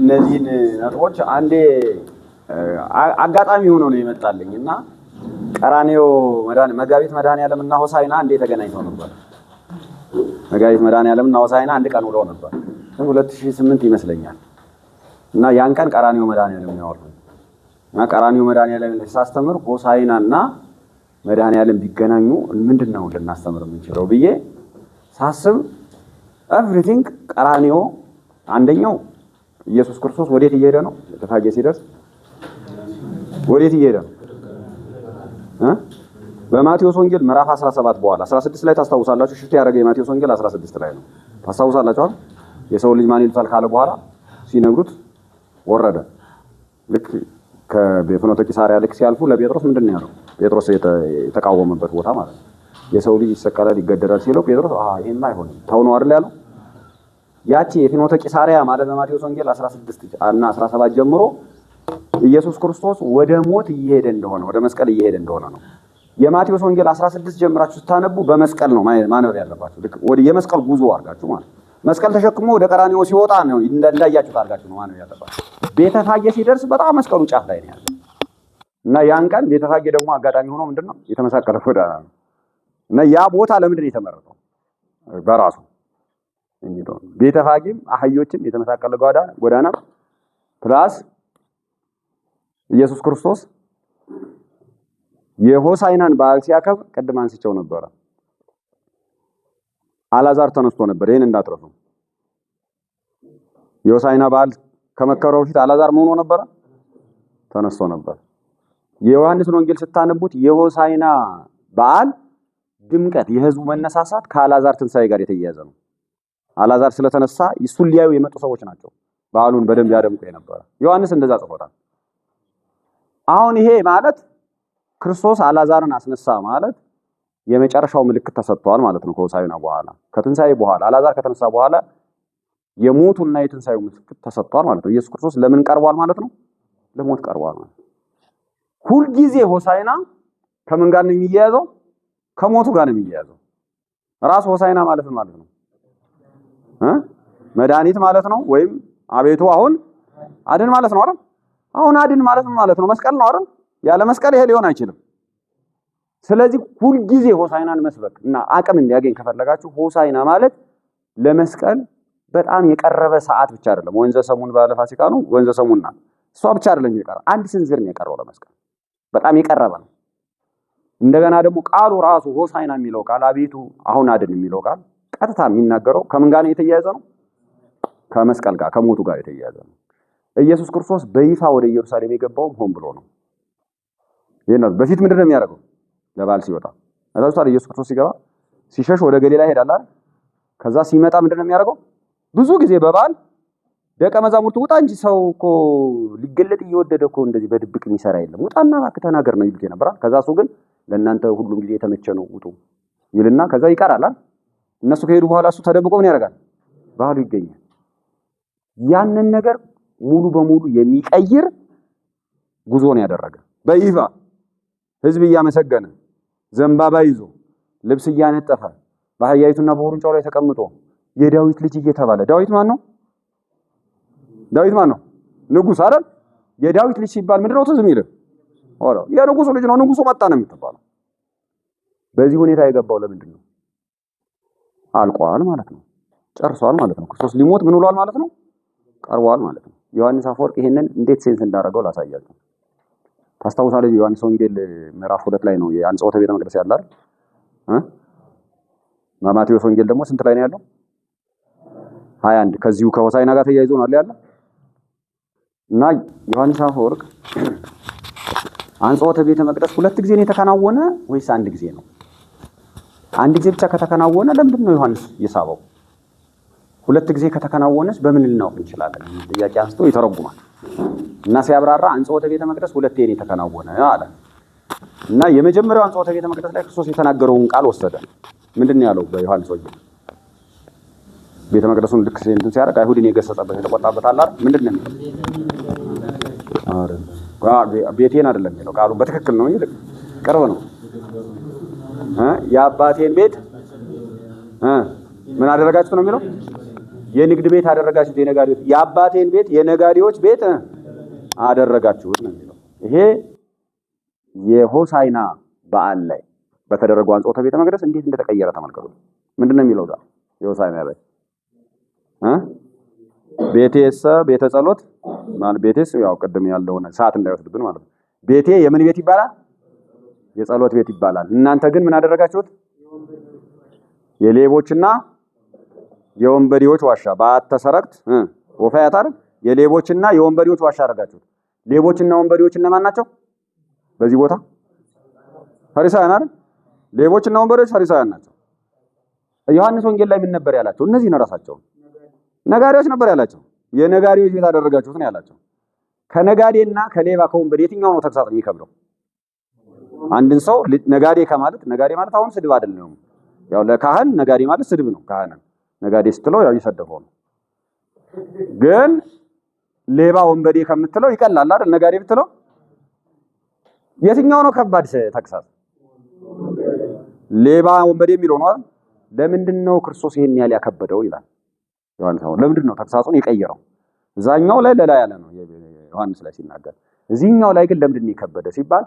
እነዚህን ነጥቦች አንዴ አጋጣሚ ሆኖ ነው የመጣልኝ እና ቀራኔው መጋቢት መድኃኔዓለም እና ሆሳዕና አንዴ ተገናኝተው ነበር። መጋቢት መድኃኔዓለም እና ሆሳዕና አንድ ቀን ውለው ነበር፣ ሁለት ሺህ ስምንት ይመስለኛል። እና ያን ቀን ቀራኔው መድኃኔዓለም ነው ያወራሁት እና ቀራኔዮ መድኃኔዓለም ሳስተምር ሆሳዕና እና መድኃኔዓለም ቢገናኙ ምንድን ነው ልናስተምር የምንችለው ብዬ ሳስብ ኤቭሪቲንግ ቀራኔዮ አንደኛው ኢየሱስ ክርስቶስ ወዴት እየሄደ ነው? ፋጌ ሲደርስ ወዴት እየሄደ ነው? በማቴዎስ ወንጌል ምዕራፍ 17 በኋላ 16 ላይ ታስታውሳላችሁ። ሽፍት ያደረገ የማቴዎስ ወንጌል 16 ላይ ነው። ታስታውሳላችሁ አይደል? የሰው ልጅ ማን ይሉታል ካለ በኋላ ሲነግሩት ወረደ። ልክ ከፍኖተ ቂሳሪያ ልክ ሲያልፉ ለጴጥሮስ ምንድን ነው ያለው? ጴጥሮስ የተቃወመበት ቦታ ማለት ነው። የሰው ልጅ ይሰቀላል፣ ይገደላል ሲለው ጴጥሮስ ይሄማ አይሆንም ተው ነው አይደል ያለው ያቺ የፍኖተ ቂሳሪያ ማለት በማቴዎስ ወንጌል 16 እና 17 ጀምሮ ኢየሱስ ክርስቶስ ወደ ሞት እየሄደ እንደሆነ ወደ መስቀል እየሄደ እንደሆነ ነው። የማቴዎስ ወንጌል 16 ጀምራችሁ ስታነቡ በመስቀል ነው ማንበብ ያለባችሁ። ልክ ወደ የመስቀል ጉዞ አድርጋችሁ ማለት መስቀል ተሸክሞ ወደ ቀራኒዮ ሲወጣ ነው እንዳያችሁት አድርጋችሁ ነው ማንበብ ያለባችሁ። ቤተፋጌ ሲደርስ በጣም መስቀሉ ጫፍ ላይ ነው ያለው እና ያን ቀን ቤተፋጌ ደግሞ አጋጣሚ ሆኖ ምንድነው የተመሳቀለ ጎዳና ነው እና ያ ቦታ ለምንድን ነው የተመረጠው በራሱ እንዴ ቤተ አህዮችም የተመሳቀለ ጎዳና ፕላስ ኢየሱስ ክርስቶስ የሆሳይናን በዓል ሲያከብ ቅድም አንስቸው ነበረ። አላዛር ተነስቶ ነበር። ይሄን እንዳትረሱ። የሆሳይና በዓል ከመከረው በፊት አላዛር መሆኑ ነበረ፣ ተነስቶ ነበር። የዮሐንስን ወንጌል ስታነቡት የሆሳይና በዓል ድምቀት፣ የህዝቡ መነሳሳት ከአላዛር ትንሳኤ ጋር የተያያዘ ነው። አላዛር ስለተነሳ እሱን ሊያዩ የመጡ ሰዎች ናቸው በዓሉን በደንብ ያደምቁ የነበረ። ዮሐንስ እንደዛ ጽፎታል። አሁን ይሄ ማለት ክርስቶስ አላዛርን አስነሳ ማለት የመጨረሻው ምልክት ተሰጥቷል ማለት ነው። ከሆሳዕና በኋላ ከትንሣኤ በኋላ አላዛር ከተነሳ በኋላ የሞቱና የትንሣኤው ምልክት ተሰጥቷል ማለት ነው። ኢየሱስ ክርስቶስ ለምን ቀርቧል ማለት ነው? ለሞት ቀርቧል ማለት ነው። ሁልጊዜ ሆሳዕና ከምን ጋር ነው የሚያያዘው? ከሞቱ ጋር ነው የሚያያዘው። ራሱ ሆሳዕና ማለት ነው ማለት ነው መድኃኒት ማለት ነው። ወይም አቤቱ አሁን አድን ማለት ነው አይደል? አሁን አድን ማለት ማለት ነው መስቀል ነው አይደል? ያለ መስቀል ይሄ ሊሆን አይችልም። ስለዚህ ሁልጊዜ ሆሳይናን መስበክ እና አቅም እንዲያገኝ ከፈለጋችሁ ሆሳይና ማለት ለመስቀል በጣም የቀረበ ሰዓት ብቻ አይደለም። ወንዘ ሰሙን ባለ ነው። ወንዘ ሰሙና እሷ ብቻ አይደለም የቀረ አንድ ስንዝር ነው የቀረው ለመስቀል በጣም የቀረበ ነው። እንደገና ደግሞ ቃሉ ራሱ ሆሳይና የሚለው ቃል አቤቱ አሁን አድን የሚለው ቃል ቀጥታ የሚናገረው ከምን ጋር የተያያዘ ነው? ከመስቀል ጋር ከሞቱ ጋር የተያያዘ ነው። ኢየሱስ ክርስቶስ በይፋ ወደ ኢየሩሳሌም የገባውም ሆን ብሎ ነው። ይሄን በፊት ምንድን ነው የሚያደርገው? ለበዓል ሲወጣ አዛውታል። ኢየሱስ ክርስቶስ ሲገባ ሲሸሽ ወደ ገሊላ ይሄዳል አይደል? ከዛ ሲመጣ ምንድን ነው የሚያደርገው? ብዙ ጊዜ በበዓል ደቀ መዛሙርቱ ውጣ እንጂ ሰው እኮ ሊገለጥ እየወደደ እኮ እንደዚህ በድብቅ የሚሰራ የለም፣ ውጣና እባክህ ተናገር ነው ይሉት የነበራል። ከዛ እሱ ግን ለእናንተ ሁሉም ጊዜ የተመቸ ነው ውጡ ይልና ከዛ ይቀራል አይደል? እነሱ ከሄዱ በኋላ እሱ ተደብቆ ምን ያደርጋል? ባህሉ ይገኛል። ያንን ነገር ሙሉ በሙሉ የሚቀይር ጉዞ ነው ያደረገ። በይፋ ህዝብ እያመሰገነ ዘንባባ ይዞ ልብስ እያነጠፈ በአህያይቱና በውርንጫው ላይ ተቀምጦ የዳዊት ልጅ እየተባለ ዳዊት ማን ነው? ዳዊት ማን ነው? ንጉስ አይደል? የዳዊት ልጅ ሲባል ምንድነው ትዝ የሚልህ? የንጉሱ ልጅ ነው፣ ንጉሱ መጣ ነው የምትባለው። በዚህ ሁኔታ የገባው ለምንድን ነው? አልቋል ማለት ነው። ጨርሷል ማለት ነው። ክርስቶስ ሊሞት ምን ብሏል ማለት ነው? ቀርቧል ማለት ነው። ዮሐንስ አፈወርቅ ይሄንን እንዴት ሴንስ እንዳደረገው ላሳያችሁ። ታስታውሳለህ? ዮሐንስ ወንጌል ምዕራፍ ሁለት ላይ ነው የአንጾተ ቤተ መቅደስ ያለ አይደል? ማቴዎስ ወንጌል ደግሞ ስንት ላይ ነው ያለው? ሀያ አንድ ከዚሁ ከሆሳዕና ጋር ተያይዞ ነው ያለ እና ዮሐንስ አፈወርቅ አንጾተ ቤተ መቅደስ ሁለት ጊዜ ነው የተከናወነ ወይስ አንድ ጊዜ ነው? አንድ ጊዜ ብቻ ከተከናወነ ለምንድን ነው ዮሐንስ የሳበው? ሁለት ጊዜ ከተከናወነስ በምን ልናውቅ እንችላለን? ጥያቄ አንስቶ ይተረጉማል እና ሲያብራራ አንጽሖተ ቤተ መቅደስ ሁለቴ ነው የተከናወነ አለ እና የመጀመሪያው አንጽሖተ ቤተ መቅደስ ላይ ክርስቶስ የተናገረውን ቃል ወሰደ። ምንድን ነው ያለው? በዮሐንስ ወንጌል ቤተ መቅደሱን ልክ እንትን ሲያደርግ አይሁድን የገሰጸበት የተቆጣበት አላር ምንድን ነው ቤቴን አይደለም የሚለው ቃሉ በትክክል ነው ይልቅ ቅርብ ነው የአባቴን ቤት ምን አደረጋችሁ ነው የሚለው? የንግድ ቤት አደረጋችሁት፣ የነጋዴዎች የአባቴን ቤት የነጋዴዎች ቤት አደረጋችሁት ነው የሚለው። ይሄ የሆሳይና በዓል ላይ በተደረገው አንጾተ ቤተ መቅደስ እንዴት እንደተቀየረ ተመልከቱ። ምንድን ነው የሚለው ጋር የሆሳይና ላይ ቤቴሰ ቤተ ጸሎት ቤቴስ ያው ቅድም ያለውን ሰዓት እንዳይወስድብን ማለት ነው። ቤቴ የምን ቤት ይባላል? የጸሎት ቤት ይባላል። እናንተ ግን ምን አደረጋችሁት? የሌቦችና የወንበዴዎች ዋሻ በአተ ሰረቅት ወፋ የሌቦችና የወንበዴዎች ዋሻ አደረጋችሁት። ሌቦችና ወንበዴዎች እነማን ናቸው? በዚህ ቦታ ፈሪሳውያን አይደል? ሌቦችና ወንበዴዎች ፈሪሳውያን ናቸው። ዮሐንስ ወንጌል ላይ ምን ነበር ያላቸው? እነዚህ ነው ራሳቸው ነጋሪዎች ነበር ያላቸው። የነጋሪዎች ቤት አደረጋችሁት ነው ያላቸው። ከነጋዴና ከሌባ ከወንበዴ የትኛው ነው ተግሳጽ የሚከብረው? አንድን ሰው ነጋዴ ከማለት ነጋዴ ማለት አሁን ስድብ አይደለም። ያው ለካህን ነጋዴ ማለት ስድብ ነው። ካህን ነጋዴ ስትለው ያው እየሰደፈው ነው። ግን ሌባ፣ ወንበዴ ከምትለው ይቀላል አይደል? ነጋዴ ብትለው የትኛው ነው ከባድ ተግሳጽ? ሌባ፣ ወንበዴ የሚለው ነው ለምንድን ነው ክርስቶስ ይሄን ያህል ያከበደው ይላል ዮሐንስ። አሁን ለምንድን ነው ተግሳጹን የቀየረው? እዛኛው ላይ ለላ ያለ ነው ዮሐንስ ላይ ሲናገር፣ እዚህኛው ላይ ግን ለምንድን ነው የከበደ ሲባል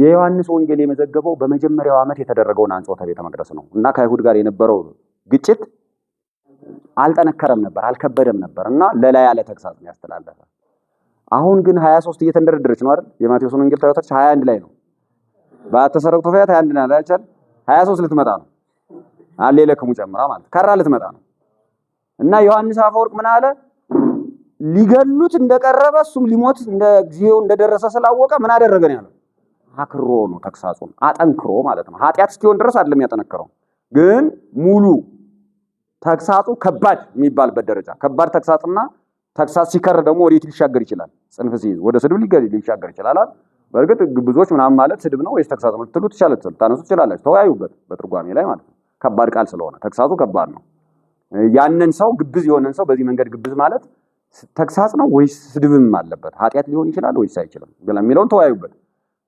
የዮሐንስ ወንጌል የመዘገበው በመጀመሪያው ዓመት የተደረገውን አንጾተ ቤተ መቅደስ ነው እና ከአይሁድ ጋር የነበረው ግጭት አልጠነከረም ነበር፣ አልከበደም ነበር እና ለላይ ያለ ተግሳጽ ያስተላለፈ። አሁን ግን 23 እየተንደረደረች ነው አይደል? የማቴዎስን ወንጌል ታዩታች 21 ላይ ነው ባተሰረቁ ተፈያት 21 ላይ አይቻል 23 ልትመጣ ነው አሌለክሙ ጨምራ ማለት ከራ ልትመጣ ነው እና ዮሐንስ አፈወርቅ ምን አለ? ሊገሉት እንደቀረበ እሱም ሊሞት እንደ ጊዜው እንደደረሰ ስላወቀ ምን አደረገ ነው ያለው አክሮ ነው ተግሳጹን፣ አጠንክሮ ማለት ነው። ኃጢአት እስኪሆን ድረስ አይደለም ያጠነከረው፣ ግን ሙሉ ተግሳጹ ከባድ የሚባልበት ደረጃ ከባድ ተግሳጽና ተግሳጽ ሲከር ደግሞ ወዴት ሊሻገር ይችላል? ጽንፍ ሲይዝ ወደ ስድብ ሊሻገር ይችላል። በእርግጥ ግብዞች ምናምን ማለት ስድብ ነው ወይስ ተግሳጽ ነው ልትሉ ትችላላችሁ፣ ታነሱ ትችላላችሁ፣ ተወያዩበት በትርጓሜ ላይ ማለት ነው። ከባድ ቃል ስለሆነ ተግሳጹ ከባድ ነው። ያንን ሰው ግብዝ የሆነን ሰው በዚህ መንገድ ግብዝ ማለት ተግሳጽ ነው ወይስ ስድብም አለበት? ኃጢአት ሊሆን ይችላል ወይስ አይችልም የሚለውን ተወያዩበት።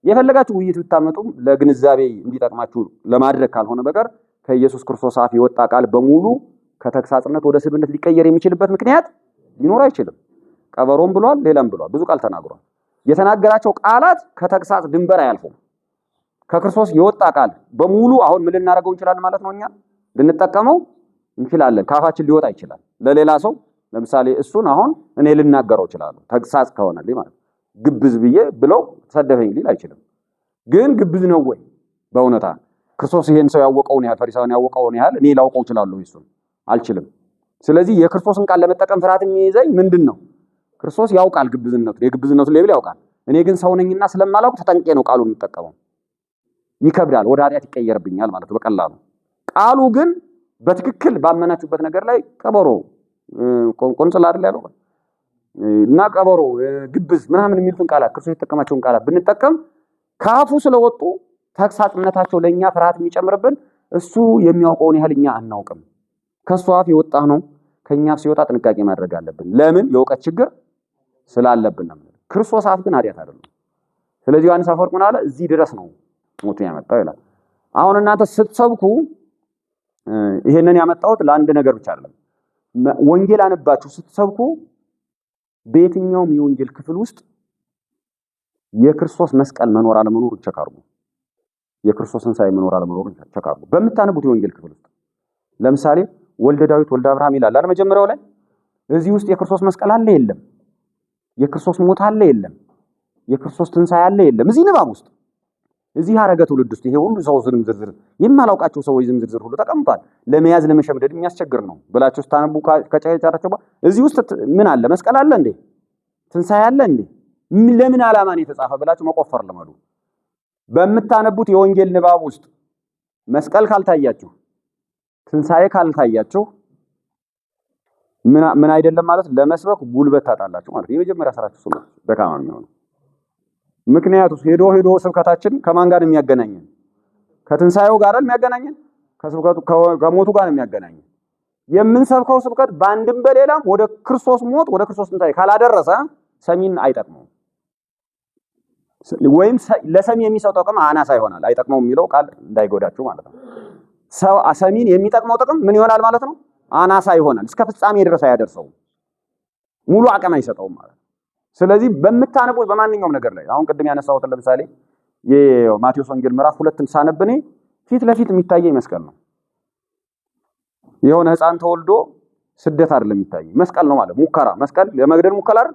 የፈለጋችሁ ውይይት ብታመጡም ለግንዛቤ እንዲጠቅማችሁ ለማድረግ ካልሆነ በቀር ከኢየሱስ ክርስቶስ አፍ የወጣ ቃል በሙሉ ከተግሳጽነት ወደ ስብነት ሊቀየር የሚችልበት ምክንያት ሊኖር አይችልም። ቀበሮም ብሏል፣ ሌላም ብሏል፣ ብዙ ቃል ተናግሯል። የተናገራቸው ቃላት ከተግሳጽ ድንበር አያልፉም። ከክርስቶስ የወጣ ቃል በሙሉ አሁን ምን ልናደርገው እንችላለን ማለት ነው? እኛ ልንጠቀመው እንችላለን። ካፋችን ሊወጣ ይችላል። ለሌላ ሰው ለምሳሌ እሱን አሁን እኔ ልናገረው እችላለሁ፣ ተግሳጽ ከሆነልኝ ማለት ነው። ግብዝ ብዬ ብለው ተሰደፈኝ ሊል አይችልም። ግን ግብዝ ነው ወይ? በእውነታ ክርስቶስ ይሄን ሰው ያወቀውን ያህል ፈሪሳውን ያወቀውን ያህል እኔ ላውቀው እችላለሁ? እሱን አልችልም። ስለዚህ የክርስቶስን ቃል ለመጠቀም ፍርሃት የሚይዘኝ ምንድን ነው? ክርስቶስ ያውቃል ግብዝነቱ የግብዝነቱን ሌብል ያውቃል። እኔ ግን ሰው ነኝና ስለማላውቅ ተጠንቄ ነው ቃሉ የምጠቀመው። ይከብዳል፣ ወደ ኃጢአት ይቀየርብኛል ማለት በቀላሉ። ቃሉ ግን በትክክል ባመናችሁበት ነገር ላይ ቀበሮ ቆንጽላ አይደል ያለው እና ቀበሮ፣ ግብዝ ምናምን የሚሉትን ቃላት ክርስቶስ የተጠቀማቸውን ቃላት ብንጠቀም ከአፉ ስለወጡ ተግሳጽነታቸው ለእኛ ፍርሃት የሚጨምርብን እሱ የሚያውቀውን ያህል እኛ አናውቅም። ከእሱ አፍ የወጣ ነው። ከእኛ አፍ ሲወጣ ጥንቃቄ ማድረግ አለብን። ለምን? የእውቀት ችግር ስላለብን ነው። ክርስቶስ አፍ ግን ኃጢአት አይደለም። ስለዚህ ዮሐንስ አፈወርቅ ምን አለ? እዚህ ድረስ ነው ሞቱን ያመጣው ይላል። አሁን እናንተ ስትሰብኩ ይሄንን ያመጣሁት ለአንድ ነገር ብቻ አይደለም። ወንጌል አንባችሁ ስትሰብኩ በየትኛውም የወንጌል ክፍል ውስጥ የክርስቶስ መስቀል መኖር አለመኖሩ ቸክ አድርጉ። የክርስቶስ ትንሣኤ መኖር አለመኖሩ ቸክ አድርጉ። በምታነቡት የወንጌል ክፍል ውስጥ ለምሳሌ ወልደ ዳዊት ወልደ አብርሃም ይላል አለ መጀመሪያው ላይ እዚህ ውስጥ የክርስቶስ መስቀል አለ የለም? የክርስቶስ ሞት አለ የለም? የክርስቶስ ትንሣኤ አለ የለም? እዚህ ንባብ ውስጥ እዚህ ሀረገ ትውልድ ውስጥ ይሄ ሁሉ ሰው ዝም ዝርዝር የማላውቃቸው ሰዎች ዝም ዝርዝር ሁሉ ተቀምጧል። ለመያዝ ለመሸምደድ የሚያስቸግር ነው ብላችሁ ስታነቡ ከጫጫታቸው እዚህ ውስጥ ምን አለ? መስቀል አለ እንዴ? ትንሳኤ አለ እንዴ? ለምን ዓላማን የተጻፈ ብላችሁ መቆፈር ልመዱ። በምታነቡት የወንጌል ንባብ ውስጥ መስቀል ካልታያችሁ፣ ትንሳኤ ካልታያችሁ ምን አይደለም ማለት ለመስበክ ጉልበት ታጣላችሁ ማለት የመጀመሪያ ስራችሁ ደካማ የሚሆነው ምክንያቱ ሄዶ ሄዶ ስብከታችን ከማን ጋር የሚያገናኘን? ከትንሳኤው ጋር የሚያገናኘን፣ ከስብከቱ ከሞቱ ጋር የሚያገናኘን። የምንሰብከው ስብከት በአንድም በሌላም ወደ ክርስቶስ ሞት፣ ወደ ክርስቶስ ትንሳኤ ካላደረሰ ሰሚን አይጠቅመውም፣ ወይም ለሰሚ የሚሰው ጥቅም አናሳ ይሆናል። አይጠቅመውም የሚለው ቃል እንዳይጎዳችሁ ማለት ነው። ሰሚን የሚጠቅመው ጥቅም ምን ይሆናል ማለት ነው? አናሳ ይሆናል። እስከ ፍጻሜ ድረስ አያደርሰውም፣ ሙሉ አቅም አይሰጠውም ማለት ነው። ስለዚህ በምታነቡት በማንኛውም ነገር ላይ አሁን ቅድም ያነሳሁትን ለምሳሌ የማቴዎስ ወንጌል ምዕራፍ ሁለትን ሳነብኔ ፊት ለፊት የሚታየኝ መስቀል ነው። የሆነ ሕፃን ተወልዶ ስደት አይደለም የሚታየኝ መስቀል ነው ማለት ሙከራ መስቀል ለመግደል ሙከራ አይደል?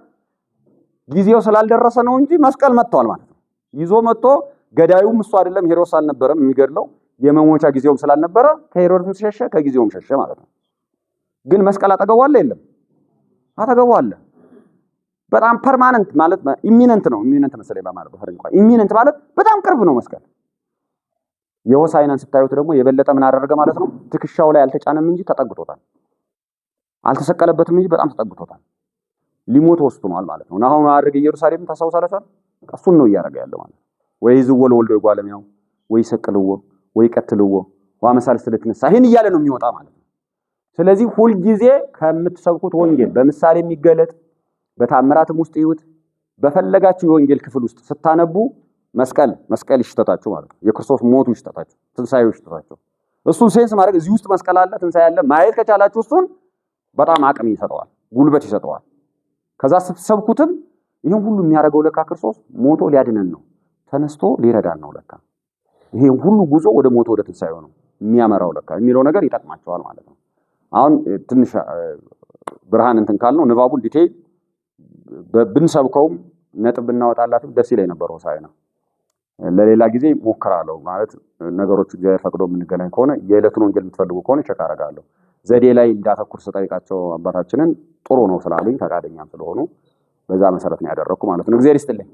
ጊዜው ስላልደረሰ ነው እንጂ መስቀል መጥቷል ማለት ነው። ይዞ መጥቶ ገዳዩም እሱ አይደለም ሄሮድስ አልነበረም የሚገድለው የመሞቻ ጊዜውም ስላልነበረ ከሄሮድስም ሸሸ፣ ከጊዜውም ሸሸ ማለት ነው። ግን መስቀል አጠገቡ አለ የለም? አጠገቡ አለ። በጣም ፐርማነንት ማለት ኢሚነንት ነው። ኢሚነንት መሰለኝ በማለት በፈረንጅ ቋንቋ ኢሚነንት ማለት በጣም ቅርብ ነው መስቀል። የሆሳዕናን ስታዩት ደግሞ የበለጠ ምን አደረገ ማለት ነው። ትከሻው ላይ አልተጫነም እንጂ ተጠግቶታል። አልተሰቀለበትም እንጂ በጣም ተጠግቶታል። ሊሞት ወስኗል ማለት ነው። አሁን አድርገ ኢየሩሳሌም ታስታውሳላችሁ። እሱን ነው እያደረገ ያለው ማለት ነው። ወይ ዝወል ወልዶ ይጓለሚያው ወይ ሰቅልዎ ወይ ቀትልዎ ዋመሳል ስለተነሳ ይሄን እያለ ነው የሚወጣ ማለት ነው። ስለዚህ ሁልጊዜ ከምትሰብኩት ወንጌል በምሳሌ የሚገለጥ በታምራትም ውስጥ ይዩት። በፈለጋችሁ የወንጌል ክፍል ውስጥ ስታነቡ መስቀል መስቀል ይሽተታችሁ ማለት ነው። የክርስቶስ ሞቱ ይሽተታችሁ፣ ትንሳኤው ይሽተታችሁ። እሱን ሴንስ ማድረግ እዚህ ውስጥ መስቀል አለ፣ ትንሳኤ አለ ማየት ከቻላችሁ እሱን በጣም አቅም ይሰጠዋል፣ ጉልበት ይሰጠዋል። ከዛ ስብሰብኩትም ይህን ሁሉ የሚያደርገው ለካ ክርስቶስ ሞቶ ሊያድነን ነው፣ ተነስቶ ሊረዳን ነው። ለካ ይሄን ሁሉ ጉዞ ወደ ሞቶ ወደ ትንሳኤው ነው የሚያመራው ለካ የሚለው ነገር ይጠቅማቸዋል ማለት ነው። አሁን ትንሽ ብርሃን እንትን ካልነው ንባቡን ዲቴይል ብንሰብከውም ነጥብ ብናወጣላትም ደስ ይለኝ ነበር ነው። ለሌላ ጊዜ ሞክራለሁ ማለት ነገሮች እግዚአብሔር ፈቅዶ የምንገናኝ ከሆነ የዕለቱን ወንጌል የምትፈልጉ ከሆነ ቸክ አደርጋለሁ። ዘዴ ላይ እንዳተኩር ስጠይቃቸው አባታችንን ጥሩ ነው ስላሉኝ ፈቃደኛም ስለሆኑ በዛ መሰረት ነው ያደረግኩ ማለት ነው። እግዚአብሔር ይስጥልኝ።